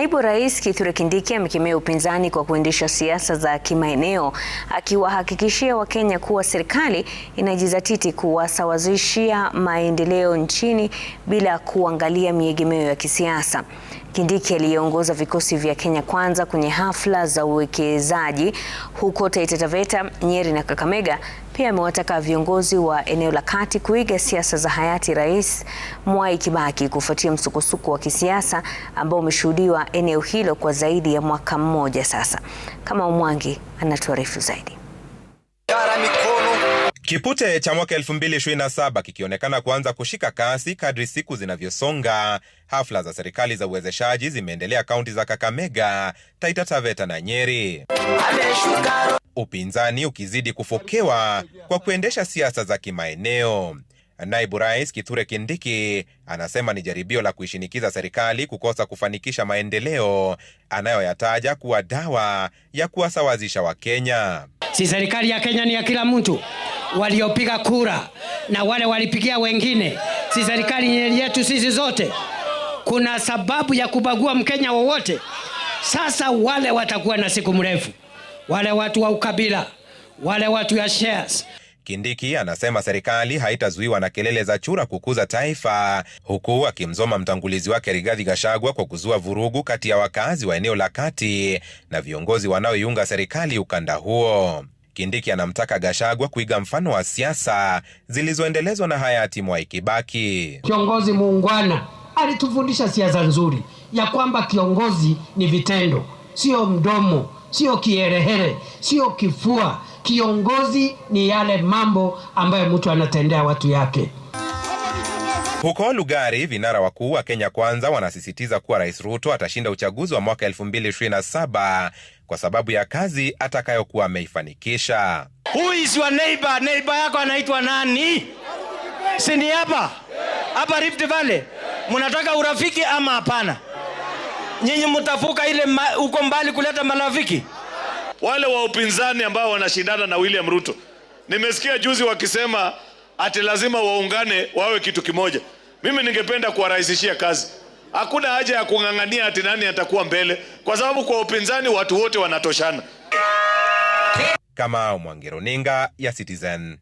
Naibu Rais Kithure Kindiki amekemea upinzani kwa kuendesha siasa za kimaeneo akiwahakikishia Wakenya kuwa serikali inajizatiti kuwasawazishia maendeleo nchini bila kuangalia miegemeo ya kisiasa. Kindiki aliyeongoza vikosi vya Kenya Kwanza kwenye hafla za uwekezaji huko Taita Taveta, Nyeri na Kakamega pia amewataka viongozi wa eneo la kati kuiga siasa za hayati Rais Mwai Kibaki kufuatia msukosuko wa kisiasa ambao umeshuhudiwa eneo hilo kwa zaidi ya mwaka mmoja sasa. Kama Umwangi anatuarifu zaidi. Kipute cha mwaka 2027 kikionekana kuanza kushika kasi kadri siku zinavyosonga. Hafla za serikali za uwezeshaji zimeendelea kaunti za Kakamega, Taita Taveta na Nyeri, upinzani ukizidi kufokewa kwa kuendesha siasa za kimaeneo. Naibu Rais Kithure Kindiki anasema ni jaribio la kuishinikiza serikali kukosa kufanikisha maendeleo anayoyataja kuwa dawa ya kuwasawazisha Wakenya. Si serikali ya Kenya ni ya kila mtu waliopiga kura na wale walipigia wengine, si serikali yetu sisi zote, kuna sababu ya kubagua Mkenya wowote. Sasa wale watakuwa na siku mrefu, wale watu wa ukabila, wale watu ya shares. Kindiki anasema serikali haitazuiwa na kelele za chura kukuza taifa, huku akimzoma mtangulizi wake Rigathi Gachagua kwa kuzua vurugu kati ya wakazi wa eneo la kati na viongozi wanaoiunga serikali ukanda huo. Kindiki anamtaka Gashagwa kuiga mfano wa siasa zilizoendelezwa na hayati Mwai Kibaki. Kiongozi muungwana alitufundisha siasa nzuri ya kwamba kiongozi ni vitendo, sio mdomo, sio kiherehere, sio kifua. Kiongozi ni yale mambo ambayo mtu anatendea watu yake. Huko Lugari, vinara wakuu wa Kenya Kwanza wanasisitiza kuwa Rais Ruto atashinda uchaguzi wa mwaka 2027 kwa sababu ya kazi atakayokuwa ameifanikisha. Who is your neighbor? Neighbor yako anaitwa nani? Si ni hapa hapa Rift Valley? Mnataka urafiki ama hapana? Nyinyi mtafuka ile huko mbali kuleta marafiki? Wale wa upinzani ambao wanashindana na William Ruto, nimesikia juzi wakisema ati lazima waungane wawe kitu kimoja. Mimi ningependa kuwarahisishia kazi. Hakuna haja ya kung'ang'ania ati nani atakuwa mbele, kwa sababu kwa upinzani watu wote wanatoshana. Kamau Mwangi, runinga ya Citizen.